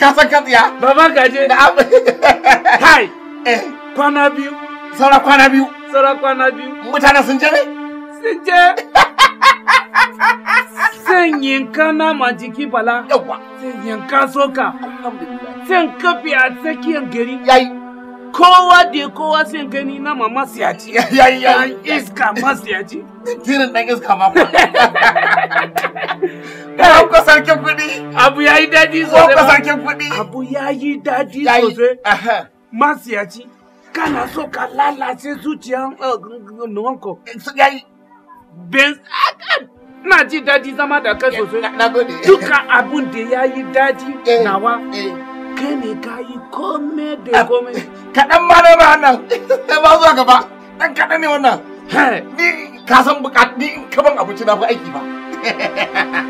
ka san ka tsiya baba gaje kai eh. kwana biyu saura kwana biyu saura kwana biyu mutane sun je ne sun je zan yanka nama jiki bala yawa zan yanka soka alhamdulillah zan a tsakiyar gari yayi kowa da kowa sai gani na ma masiyaci. Yayi yayi. Iska masiyaci. Tirin dan iska ma. Kai ka Abu ya yi daji sosai. Abu ya yi sosai. Kana so ka lalace zuciyan eh, nuwanko. Eh, su yayi. Ben ah, ah, na ji daɗi zama da kai sosai. Duka abun da ya yi daɗi eh, nawa. Kai ne ka yi kome da ah, kome. Kaɗan ma na ba nan. Ba zuwa gaba. Ɗan kaɗan ne wannan. Ni ka san buƙatu ni kaman abinci na fi aiki ba.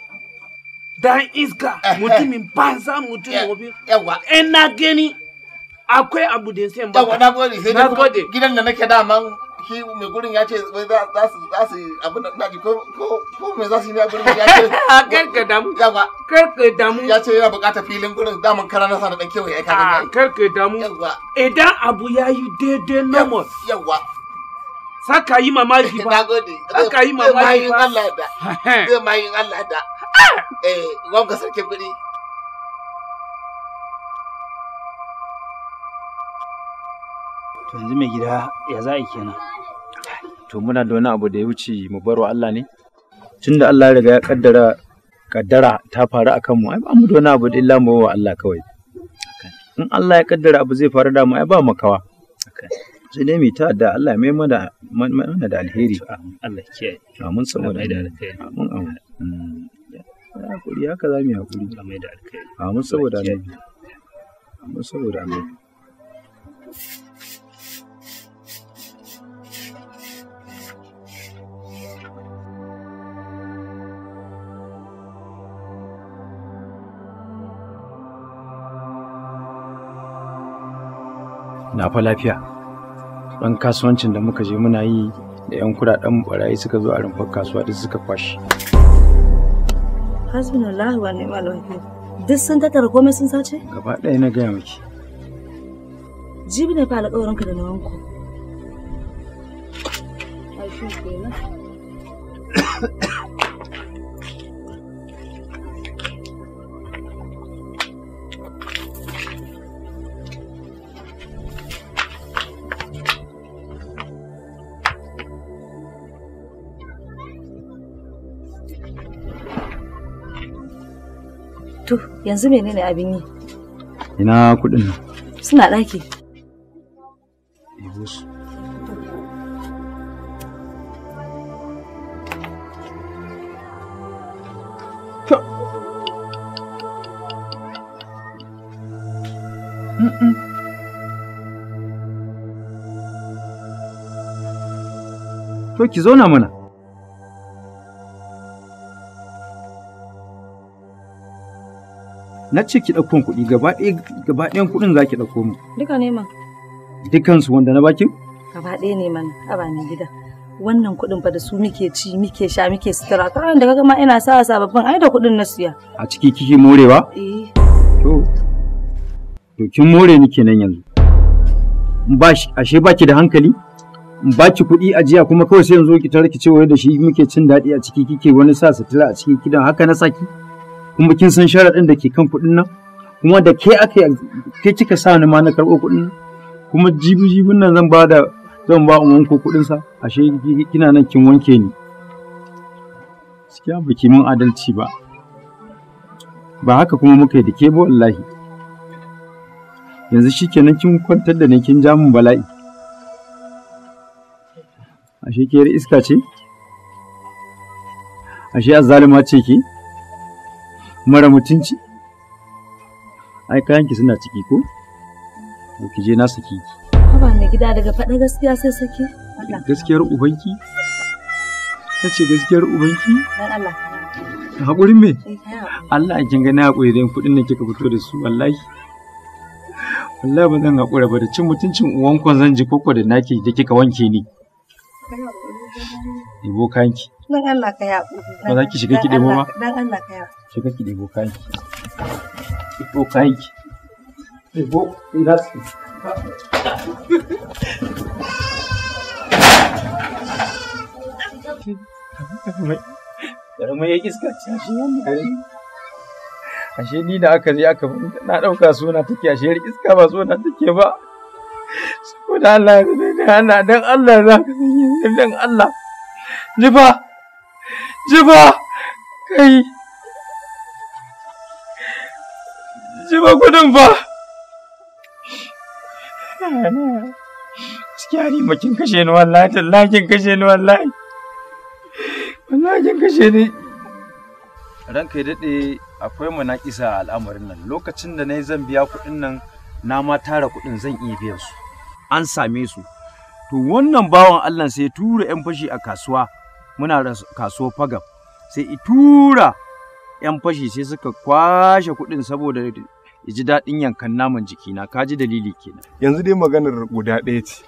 dan iska mutumin banza mutumin obi yawa ina gani akwai abu da sai ba na gode sai na gode gidan da nake man shi mai gurin ya ce za su za su abu da ji ko ko ko me za su yi a da ya ce kar damu yawa karka damu ya ce yana bukata filin gurin daman kara na sana dan kewaye ka ga ah, kar ka damu idan abu yayi daidai normal yawa saka yi mamaki ba saka yi mamaki ba zai mayin Allah da Eh, wanka sarkin kuɗi. To yanzu mai gida ya za a kenan. To muna da wani abu da ya wuce mu baro Allah ne? Tunda Allah ya riga ya kaddara kaddara ta faru akan mu, ai ba mu da wani abu da illa mu wa Allah kawai. In Allah ya kaddara abu zai faru da mu ai ba makawa. Sai dai ta da Allah mai mana da alheri. Allah kiyaye. Amin saboda. Amin amin. hakuri haka za mu yi hakuri a da amma saboda annabi amma saboda annabi na fa lafiya ɗan kasuwancin da muka je muna yi da 'yan kuɗaɗen barayi suka zo a rumfar kasuwa duk suka kwashe hasbunallahu wa ni'mal wakil duk sun tattara komai sun sace gaba ɗaya na gaya miki jibi ne fa alƙawarinka da nawanku ai shi kenan To, yanzu menene abin yi? Ina kudin nan. Suna ɗaki. Mm-mm. to ki zauna mana. na ce ki ɗauko kuɗi gaba ɗayan kuɗin za ki ɗauko mu. Duka ne Dukan su wanda na baki? Gaba ɗaya ne man, haba ne gida. Wannan kuɗin fa da su muke ci, muke sha, muke sutura. Karan da kaga ma ina sa sababbin ai da kuɗin na siya. A ciki kike morewa? Eh. To. To kin more ni kenan yanzu. Ba shi ashe baki da hankali? baki kuɗi ajiya kuma kawai sai yanzu ki tarki cewa da shi muke cin daɗi a ciki kike wani sa sutura a ciki kidan haka na saki. kuma kin san sharaɗin da ke kan kuɗin nan kuma da ke aka ke kika sa ni ma na karɓo kuɗin nan kuma jibi jibin nan zan ba da zan ba in ku kuɗin sa ashe kina nan kin wanke ni gaskiya ba ki mun adalci ba ba haka kuma muka yi da ke ba wallahi yanzu shikenan kin kwantar da ni kin ja min bala'i ashe ke iska ce ashe azzalima ce ki mara mutunci ai kayanki suna ciki ko ki je na saki ki ba mai gida daga faɗa gaskiya sai saki gaskiyar ubanki ta ce gaskiyar ubanki dan Allah haƙurin me eh, Allah kin ga na haƙuri da kuɗin da kika fito da su wallahi wallahi ba zan haƙura ba da cin mutuncin uwan kwan zan ji koko da naki da kika wanke ni ibo kanki Dan Allah ka Ba za ki shiga ki ɗebo ba? Allah ka Shiga ki ɗebo kayan ki. Ɗebo kayan ki. Ɗebo ya iska ce shi ashe ni da aka je aka bani na ɗauka suna take ashe yar iska ba suna take ba saboda Allah ya dan Allah za ka san Allah ni fa Jiba! Kai! Jiba gudun ba! Gaskiya makin kin kashe ni wallahi tallahi kin kashe ni wallahi. Wallakin kashe ni. Ranka kai daɗe akwai munaƙisa a al'amarin nan lokacin da na yi zan biya kuɗin nan na ma tara kuɗin zan iya biyan su. An same su. To wannan bawan Allah sai tura 'yan fashi a kasuwa muna kasuwar fagab sai i tura 'yan fashi sai suka kwashe kuɗin saboda ya ji daɗin yankan naman jikina ka ji dalili kenan yanzu dai maganar guda ɗaya ce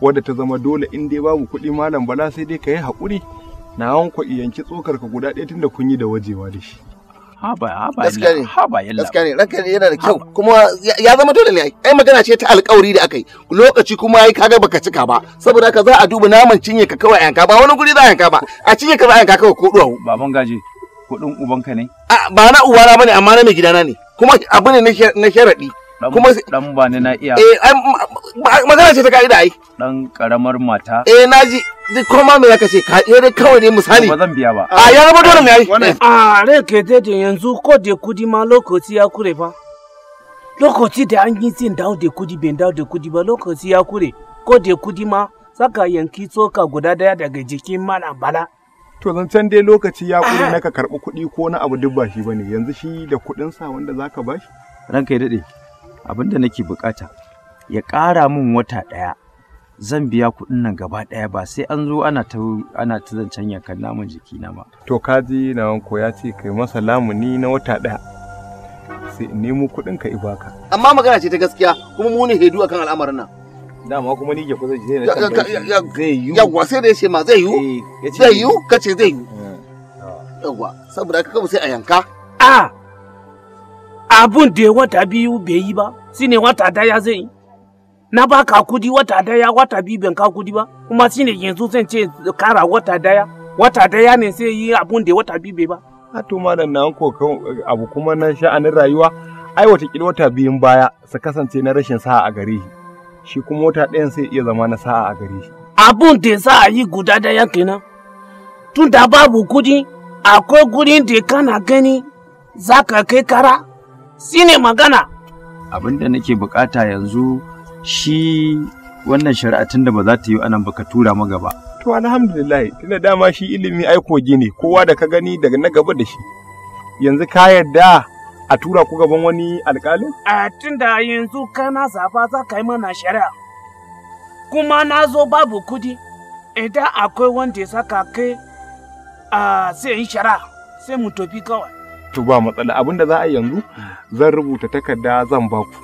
wadda ta zama dole in dai babu kuɗi malam bala sai dai ka yi haƙuri na hankwa yanki tsokar ka guda ɗaya tunda kun yi da wajewa da shi haba haba haba yalla gaskiya ne ranka ne yana da kyau kuma ya zama dole ne ai magana ce ta alƙawari da aka yi lokaci kuma ai kaga baka cika ba saboda ka za a duba naman cinye ka kawai yanka ba wani guri za a yanka ba a cinye ka za a yanka kawai ko duwawu baban gaji kuɗin ubanka ne a ba na uwana bane amma na mai gidana ne kuma abu ne na sharaɗi kuma dan ba na iya eh magana ce ta ka'ida ai dan karamar mata eh naji duk kuma me zaka ce ka eh, dai kawai ne misali ba zan biya ba a ah, ya zama dole ne ai a ah, rai ke dade yanzu ko de kudi ma lokaci ya kure fa lokaci da an yi sin dawo da kudi bai dawo de kudi ba lokaci ya kure ko de kudi ma saka yanki tsoka guda daya daga jikin malam bala to zancen dai lokaci ya kuri ah! na ka karɓi kuɗi ko na abu duk ba shi bane yanzu shi da kuɗin sa wanda zaka bashi ranka ya daɗe abin da nake bukata ya ƙara min wata ɗaya zan biya kuɗin nan gaba ɗaya ba sai an zo ana ta ana ta zancen yankan naman jikina ba. To ka ji na wanko ya ce kai masa lamuni na wata ɗaya sai in nemo kuɗin ka ibaka. Amma magana ce ta gaskiya kuma mu ne hedu akan al'amarin nan. Dama kuma ni ke kusa ji na zai yiwu. Yawwa sai da ya ce ma zai yiwu. Eh, zai yiwu kace zai yiwu. Eh. Yawwa saboda haka kawai sai a yanka. A ah! abun da ya wata biyu bai yi ba shine wata daya zai yi na ba ka kudi wata daya wata biyu ban ka kudi ba kuma shine yanzu zan ce kara wata daya wata daya ne sai yi abun da wata biyu bai ba a to malam na kokon abu kuma na sha'anin rayuwa ai watakila wata biyun baya su kasance na rashin sa'a a gare shi shi kuma wata ɗayan sai iya zama na sa'a a gare shi abun da za a yi guda daya kenan tun da babu kudi akwai gudin da kana gani za ka kai kara shine magana abin da nake bukata yanzu shi wannan shari'atun da ba za ta yi anan ba ka tura mu gaba to alhamdulillah tunda dama shi ilimi ai kogi ne kowa da ka gani daga na gaba da shi yanzu ka yarda a tura ku gaban wani alƙalin? a tunda yanzu kana safa za ka yi mana shari'a kuma na zo babu kudi idan akwai wanda ya saka kai a sai in shari'a sai mu tafi kawai to ba matsala abinda za a yanzu zan rubuta takarda zan ba ku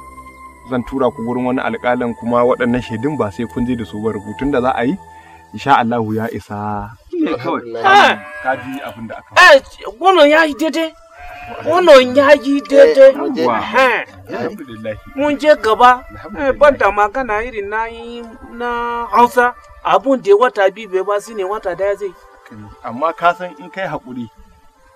zan tura ku gurin wani alƙalin kuma waɗannan shaidun ba sai kun je da su ba rubutun da za a yi insha Allah ya isa eh. ka abin da aka eh wannan ya yi daidai wannan ya eh, eh. mun je gaba ban da magana irin na na Hausa abun da wata biyu bai ba shine wata daya zai amma ka san in kai haƙuri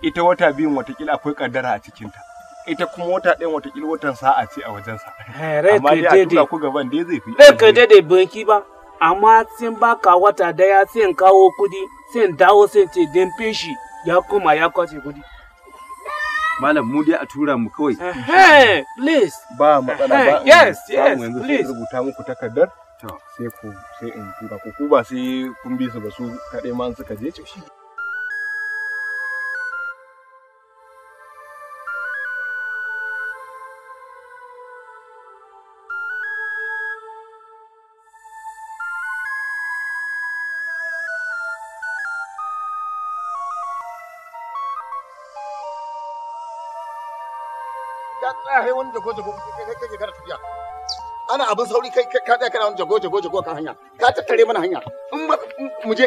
ita wata biyun watakila akwai kaddara a cikinta ita kuma wata ɗayan watakila watan sa'a ce a wajensa eh, amma dai a tuka ku gaban dai zai fi ɗan ka dai banki ba amma sai baka wata daya sai kawo kudi sai dawo sai ce dan feshi ya koma ya kwace kudi malam mu dai a tura mu kawai eh, please ba matsala eh, ba yes yes please rubuta muku takardar sai ku sai in tura ku ku ba sai kun bi su ba su kaɗai ma suka je to wani jago jago kake kana tafiya ana abin sauri kai ka tsaya kana wani jago jago jago kan hanya ka tattare mana hanya in ba mu je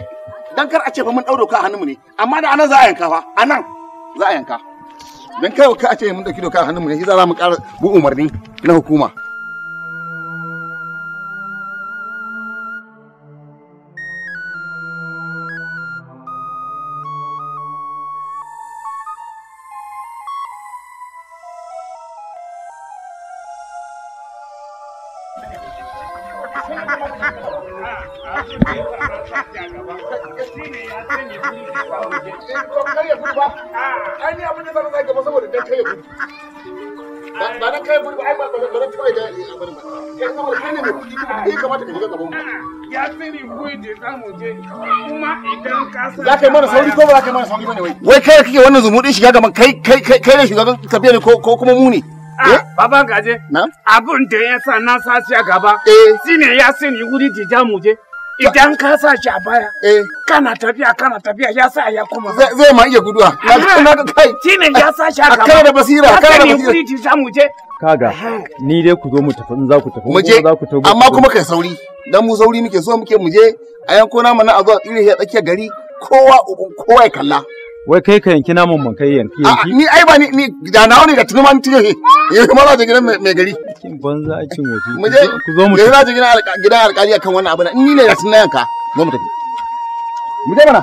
dan kar a ce ba mun dauro ka a hannunmu ne amma da anan za a yanka fa anan za a yanka dan kai ka a ce mun dauki doka a hannunmu ne shi za mu ƙara bu umarni na hukuma za ka yi mana sauri ko ba za ka yi mana sauri bane wai wai kai kake wannan zumuɗin shiga gaban kai kai kai kai ne shugaban tafiya ne ko kuma mu ne ah, eh? Baba gaje, abin da ya sa na sashi a gaba, eh. ne ya sani wuri da ja muje. Idan ka sa shi a baya, eh. kana tafiya kana tafiya ya sa ya kuma. Zai ma iya guduwa. Na ga kai. shine ne ya sa shi a gaba. Kana da basira, kana da basira. Haka ne samu je. Kaga, ni dai ku zo mu tafi in za ku tafi. Mu tafi amma kuma kai sauri. Dan mu sauri muke so muke mu je a yanko na mana a tsire iri a tsakiyar gari kowa kowa ya kalla. wai kai ka yanki namun man kai yanki ah, yanki ni ai ba ni ni da nawa ne da tunuman he ya eh, kuma za ta gidan mai gari kin banza a cin wofi mu je ku zo mu eh, je za ta gidan alƙali akan wannan abin ni ne da sunan yanka zo mu tafi mu je mana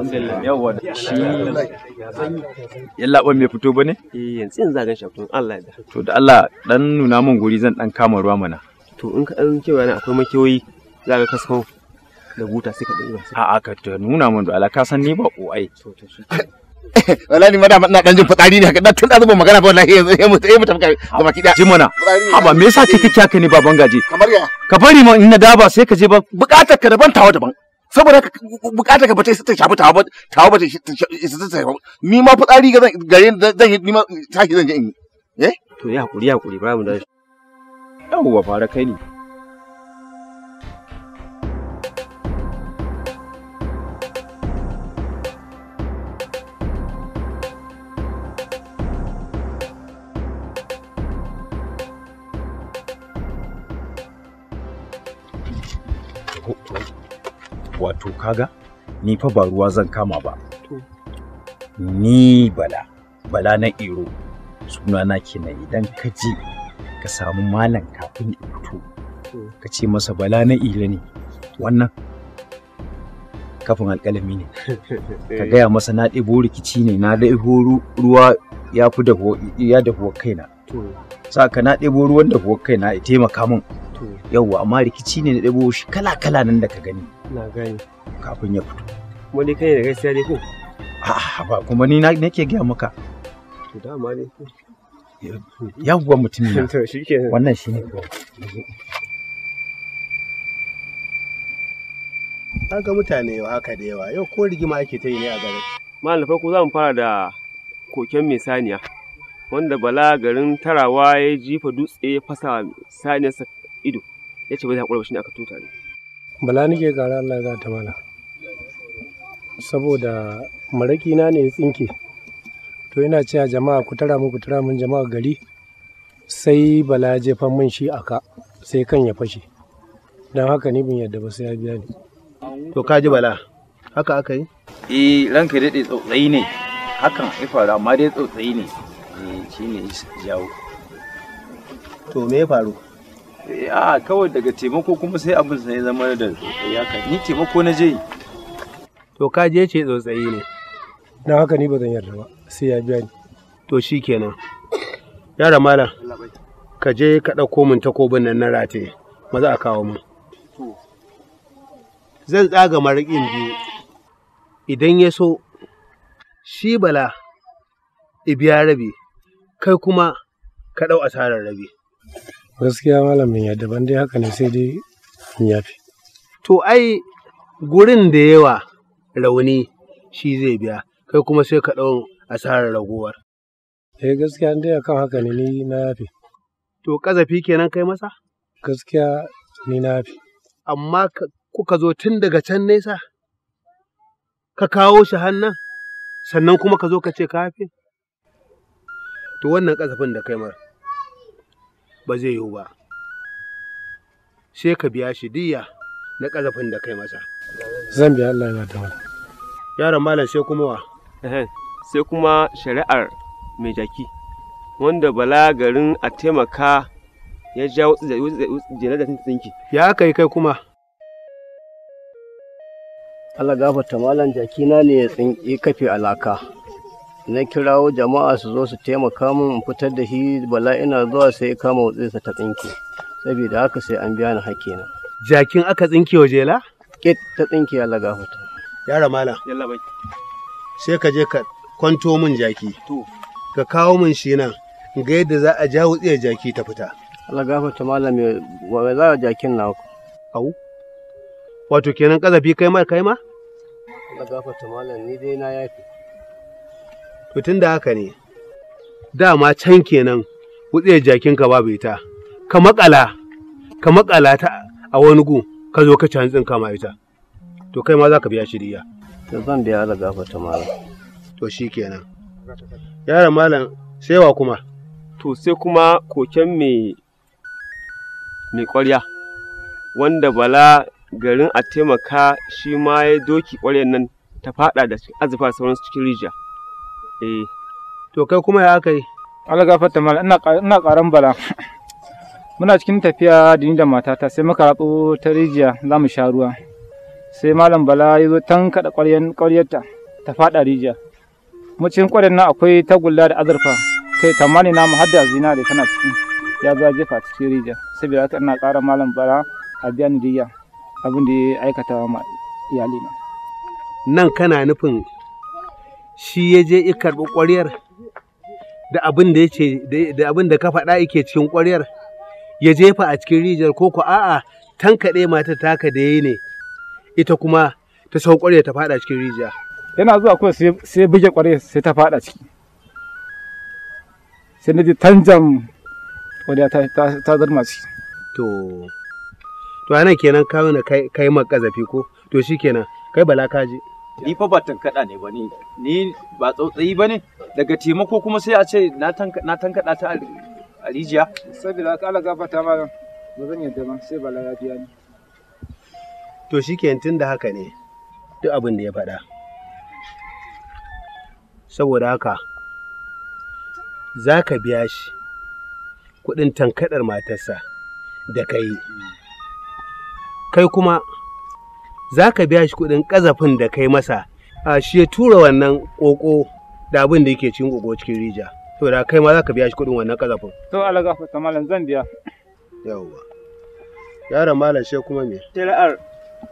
alhamdulillah yawa da shi yalla ban mai fito eh, yanzu yanzu Allah ya to da Allah dan nuna min guri zan dan kama ruwa mana to in ka dan kewa ne akwai ka kasko da buta sai ka a'a ka nuna min da Allah ka san ni ba ko ai wallahi ma ina dan jin fitsari ne haka tun da zuba magana ba wallahi yanzu sai mutu ya mutu kai da baki jimona haba me yasa kike kike ne baban gaje kamar ya ka bari ma in na daba sai ka je ba bukatar ka daban tawa daban saboda bukata ka bata ta shafi tawa tawa bata ta shafi ni ma fitsari ga gare zan yi ni ma tashi zan je in yi eh to ya hakuri ya hakuri babu da yawwa fara kai ne wato kaga ni fa ba ruwa zan kama ba ni bala bala na iro suna sunana kenan idan ka je ka samu malam kafin ya fito ka ce masa bala na iro ne wannan kafin alƙalami ne ka gaya masa na ɗebo rikici ne na ɗebo ruwa ya fi ya kaina sa ka na ɗebo ruwan dahuwa kaina ya taimaka min yauwa amma rikici ne na ɗabo shi kala-kala nan da ka gani na gani kafin ya fito ni kai da gaskiya ne ko a'a ba kuma ni nake gaya maka to dama ne ko yawwa mutum ne wannan shi ne an ga mutane yau haka da yawa yau ko rigima ake ta yi ne a garin malam farko za mu fara da koken mai saniya wanda bala garin tarawa ya jifa dutse ya fasa saniyarsa ido ya ce bai za a ba shi ne aka tuta ne bala nake gara Allah ya gata mana. saboda maraƙina ne ya tsinke to ina cewa jama'a ku tara mu ku tara mun jama'a gari sai bala ya jefa mun shi aka sai kan ya fashe don haka ni bin yadda ba sai ya biya ni to ka ji bala haka aka yi eh ranka daɗe tsautsayi ne hakan ya faru amma dai tsautsayi ne eh, shi ne jawo to me ya faru a kawai daga taimako kuma sai abin sa ya zama da ya haka ni taimako na je to ka je ce tsotsayi ne na haka ni ba zan yarda ba sai ya biya ni to shikenan yara mala ka je ka mun min takobin nan na rataye maza a kawo min zan tsaga maraƙin biyu idan ya so shi bala ibiya rabi kai kuma ka dau asarar rabi Gaskiya malam ya yadda ban dai haka ne sai dai in yafi. To ai gurin da yawa rauni shi zai biya kai kuma sai ka ɗau asarar ragowar. Eh gaskiya dai akan haka ne ni na yafi. To kazafi kenan kai masa? Gaskiya ni na yafi. Amma kuka zo tun daga can nesa ka kawo shi hannan sannan kuma ka zo ka ce ka yafi? To wannan kazafin da kai mara. ba zai yiwu ba sai ka biya shi diya na ƙazafin da kai masa zan biya Allah ya ta yaron malam sai kuma wa sai kuma shari'ar mai jaki wanda bala garin a taimaka ya ja janazar tsinki ya kai kai kuma Allah gafarta malam jakina ne ya tsinki kafe alaka na kirawo jama'a su zo su taimaka min fitar da shi bala ina zuwa sai kama sa ta tsinke saboda haka sai an biya ni hakina jakin aka tsinke wa jela kit ta tsinke ya laga hoto yara mala yalla bai sai ka je ka kwanto min jaki to ka kawo min shi nan ga yadda za a ja wutsi jaki ta fita Allah gafarta malam wa za a jakin na ku au wato kenan kazafi kai ma kai ma Allah gafarta malam ni dai na yafi to tun da haka ne dama can kenan wutsiyar ka babu ita ka makala ka makala ta a wani gu ka zo ka ci hantsin kama ita to kai ma za ka biya shi riya. to zan biya ala ta mara. to shi kenan yaron malam sai wa kuma to sai kuma koken mai mai ƙwarya wanda bala garin a taimaka shi ma ya doki ƙwaryar nan ta faɗa da azufa sauransu cikin rijiya eh to kai kuma ya kai Allah gafarta mala ina ina karan bala muna cikin tafiya da ni da matata sai muka ratso ta rijiya za mu sha ruwa sai malam bala ya zo tan kada ƙwaryarta ta faɗa rijiya mu cikin ƙwaryar nan akwai tagulla da azurfa kai tamani na mu hadda da tana cikin ya zo jefa cikin rijiya saboda haka ina ƙara malam bala a biyan diya abin da ya aikata ma iyalina nan kana nufin shi ya je ya karɓi ƙwaryar da abin da yace da abin da ka faɗa yake cikin ƙwaryar ya jefa a cikin rijiyar ko ku a'a tan tankaɗe mata taka da yi ne ita kuma ta sau ƙwaryar ta faɗa cikin rijiya yana zuwa kuma sai buge ƙwaryar sai ta faɗa ciki sai na ji tanjam wadda ta zarma ciki to to ana kenan kawo na kai ma ƙazafi ko to shikenan kai bala ka je. ni fa ba tankaɗa ne ba ni ba tsautsayi ba ne daga taimako kuma sai a ce na tankaɗa ta a rijiya saboda ka ala gafata ma ba zan yadda ma sai bala ya ne. to shikenan tun da haka ne duk abin da ya faɗa saboda haka za ka biya shi kuɗin tankaɗar matarsa da ka yi kai kuma za ka biya shi kuɗin ƙazafin da kai masa a shi ya tura wannan ƙoƙo da abin da yake cin ƙoƙo cikin rija to da kai ma za ka biya shi kuɗin wannan ƙazafin. to ala fata malam zan biya. yawa yaro malam shi kuma me. shari'ar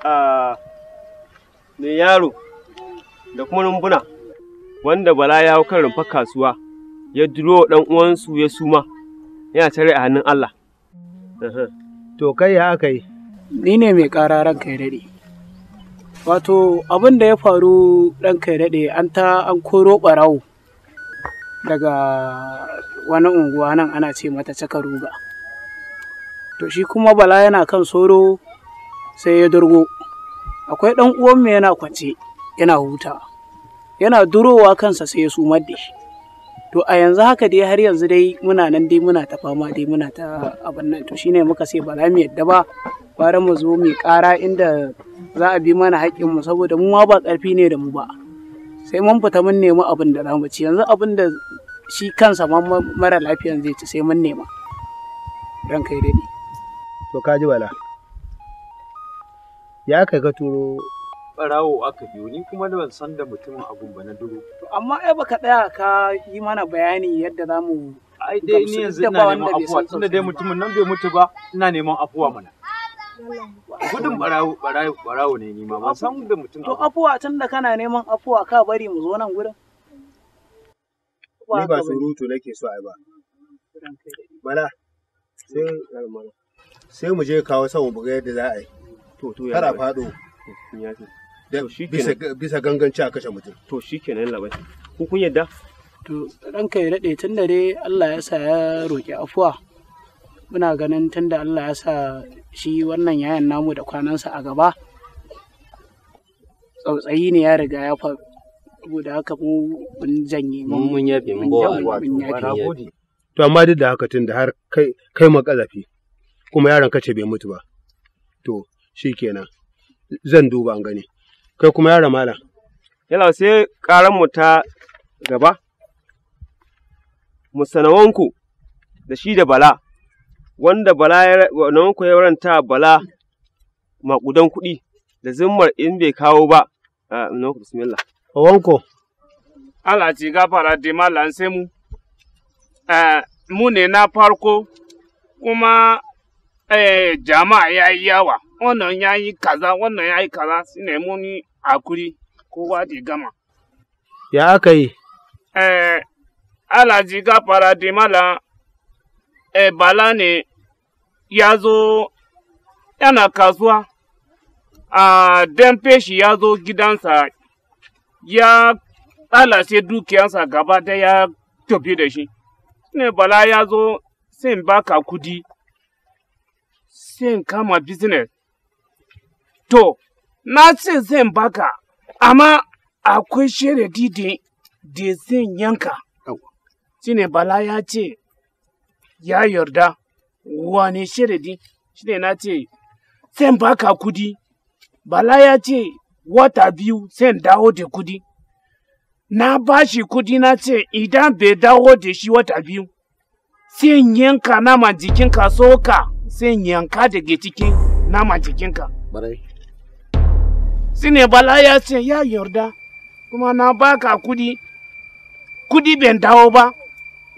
a da yaro da kuma rumbuna wanda bala ya hau kan rumfa kasuwa ya duro dan uwansu ya suma yana tare a hannun Allah. to kai ya aka yi. ni ne mai kara ranka ya daɗe. wato abin da ya faru ɗan kai daɗe an ta an koro ɓarawo daga wani unguwa nan ana ce mata cakaruga to shi kuma bala yana kan soro sai ya durgo akwai ɗan uwanmu yana kwance yana huta yana durowa kansa sai ya sumar da shi to a yanzu haka dai har yanzu dai muna nan dai muna ta fama dai muna ta abin nan to shine muka sai Bala za yadda ba bara mu zo mu ƙara inda za a bi mana haƙƙinmu saboda mu ma ba ƙarfi ne da mu ba sai mun fita mun nemi abin da zamu ci yanzu abin da shi kansa ma mara lafiyan zai ci sai mun nema don kai daɗi. to ka ji bala ya kai ka turo barawo aka biyo ni kuma da ban san da mutumin abun ba na duro to amma ai baka tsaya ka yi mana bayani yadda zamu ai dai ni yanzu ina neman afuwa tunda dai mutumin nan bai mutu ba ina neman afuwa mana gudun barawo barawo barawo ne ni ma ban san da mutum to afuwa tunda kana neman afuwa ka bari mu zo nan gurin ni ba surutu nake so ai ba bala sai sai mu je kawo sau mu ga yadda za a yi to to ya fado bisa bisa ganganci a kashe mutum to shikenan labai ku kun yadda to ranka ya dade tun da dai Allah ya sa ya roki afuwa muna ganin tun da Allah ya sa shi wannan yayan namu da kwanansa a gaba tsautsayi ne ya riga ya fa da haka mu mun janye mun mun yafe mun ba mun to amma duk da haka tun da har kai kai makalafi kuma yaron kace bai mutu ba to shikenan zan duba an gani kai kuma yaron mala yala sai karan mu ta gaba musanawanku da shi da bala wanda bala na ya waranta bala maƙudan kuɗi da zimmar in bai kawo ba a nanku bismillah wanko Allah ci gafara da malan sai mu mu ne na farko kuma eh, jama'a ya yi yawa wannan ya yi kaza wannan ya yi kaza su ne muni a kuri kowa da gama ya aka yi eh, Allah ji gafara da malan Ebalane eh, ya zo yana kazuwa a damfeshi ya zo gidansa ya lalace dukiyansa gaba da ya tafi da shi. Ne bala ya zo sai in baka kudi, sai in kama business. To, na ce zai baka, amma akwai sharadi da zan yanka. Shi ne bala ya ce, ya yarda wane sharadi ne na ce zan baka kudi bala ya ce wata biyu zan dawo da kudi na bashi kudi na ce idan bai dawo da shi wata biyu sai yanka nama jikinka soka sai yanka daga cikin naman jikinka ne bala ya ce ya yarda kuma na baka kudi kudi bai dawo ba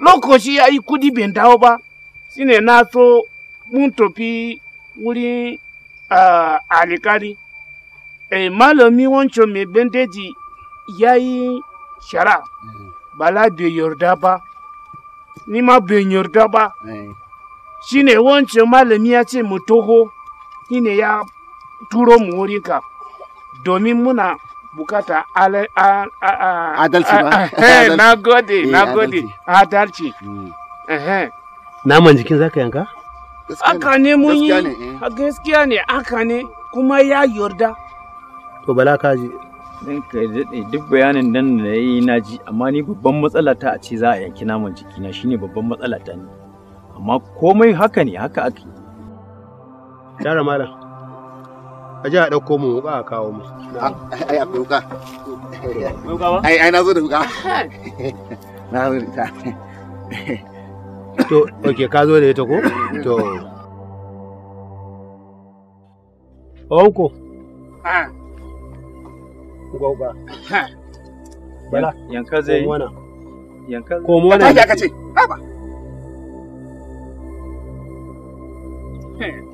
lokaci ya yi kudi bai dawo ba shine na so mun tafi wurin alikari e, malami wancan mai bandeji ya yi shara mm-hmm. bala bai yarda ba ni ma bai yarda ba shine wancan malami ya ce mu toho shine ya turo mu ka domin muna bukata adalci ba eh, na gode eh, na gode adalci hmm. naman jikin zaka yanka aka ne mun yi eh. gaskiya ne aka ne kuma ya yarda to bala ka ji duk bayanin nan da ya yi na ji amma ni babban matsala ta a ce za a yanki naman jikina shine babban matsala ta ne amma komai haka ne haka ake tara malam a ji a ɗauko mu wuka a kawo mu ai akwai wuka ai ai na zo da wuka na zo da to ok ka zo da ita ko to Onko. Ha. Uga uga. Ha. Bala. Yanka zai. Komo wannan. Yanka. Komo wannan. Ai ya kace. Haba. Hmm.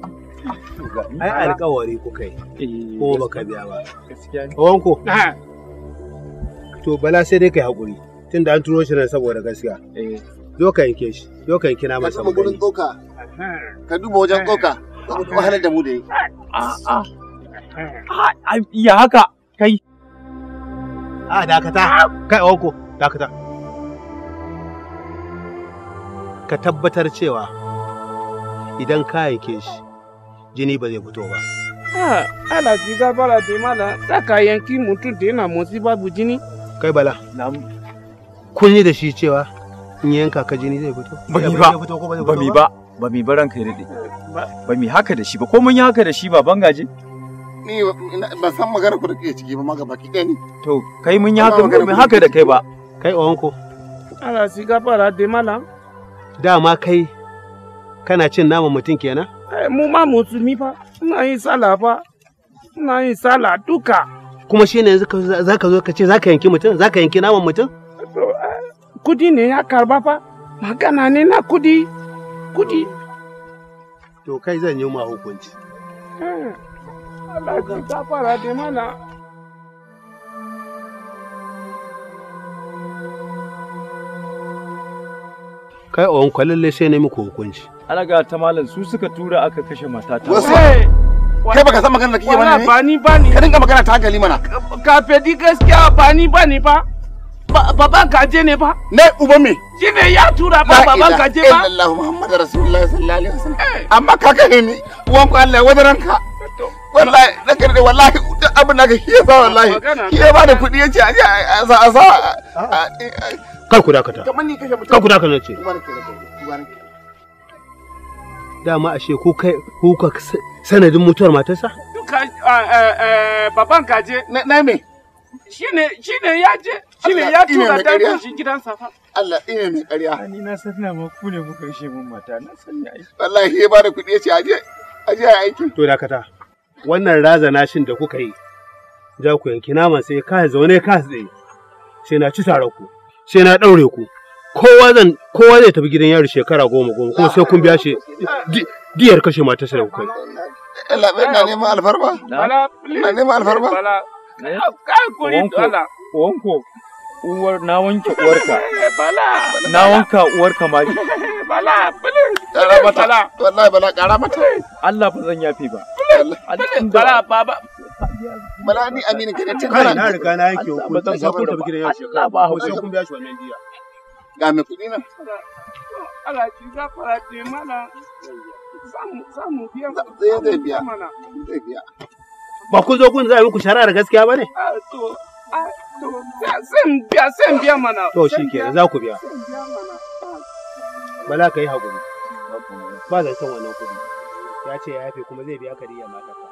ai alkawari ku kai eh, ko baka biya ba wanko to bala sai dai kai hakuri tunda an turo shi nan saboda gaskiya eh. zo ka yanke shi zo ka yanke na masa gurin tsoka ka duba wajen ka tsoka wahalar da mu da yi a'a ya haka kai a dakata kai wanko dakata ka tabbatar cewa idan ka yanke shi jini ba zai fito ba. Ala ah, ji gabara da mala ta ka yanki mutum da yana motsi babu jini. Kai bala. Kun yi da shi cewa in yanka ka jini zai fito. Ba mi ba. Ba mi ba. Ba mi baran kai daɗe. Ba mi haka da shi ba ko mun yi haka da shi ba bangaje. Ni ba san magana ku da kake ciki ba ma baki ki ni. To kai mun yi haka mun haka da kai ba. Kai ko. Ala ji gabara da mala. Dama kai kana cin naman mutum kenan? Eh, mu ma musulmi fa ina yin sallah fa ina yin sallah duka kuma shi ne yanzu za ka zo ka ce za ka yanki mutum za ka yanki naman mutum eh, kudi ne ya karba fa magana ne na kudi kudi to kai zan yi ma hukunci eh, Allah ka fara da mana kai on lalle sai ne muku hukunci ana ga ta malam su suka tura aka kashe matata kai baka san magana da kike bane ba ni ba ni ka dinga magana ta hankali mana ka fedi gaskiya ba ni ba ni ba baban kaje ne ba ne uba me shine ya tura ba baban je ba la ilaha illallah muhammad rasulullah sallallahu alaihi wasallam amma ka kai ni uwan ku Allah ya wadaranka wallahi na karɗe wallahi duk abin da ka shi yasa wallahi shi ya bada kuɗi yace a sa a sa kar ku dakata kar ku dakata ce dama ashe ko kai ko ka sanadin mutuwar matarsa baban kaje na me shine shine ya je shine ya tura dangin shi gidansa fa Allah ina mai ƙarya ni na san na ku ne kuka shi mun mata na san ya aiki wallahi ya bada kuɗi ya ce aje aje aikin to dakata wannan razana shin da kuka yi za ku yanki naman sai ka zaune ka tsaye sai na ci tare ku sai na ɗaure ku kowa zan kowa zai tafi gidan yari shekara goma goma kuma sai kun biya shi diyar kashe mata sai ku kai Allah bai na nema alfarma na neman alfarma eh? wanko uwar na wanke uwarka eh, na wanka uwarka ma eh, bala bala bala wallahi bala kara mata Allah ba zan yafi ba bala baba bala ni aminin ka ce kana na riga na yanke hukunci sai kun tafi gidan yau Allah ba hausa kun biya shi wannan biya ga me kudi nan Allah ki za fara ce mana samu samu biya zai biya zai biya ba kun zo kun za a yi muku shari'ar gaskiya ba ne? Ah, Zan biya, mana. To shi ke, za ku biya. Bala ka yi haƙuri. Ba zan san wannan kuɗi. Ya ce ya haife kuma zai biya ka diya mata.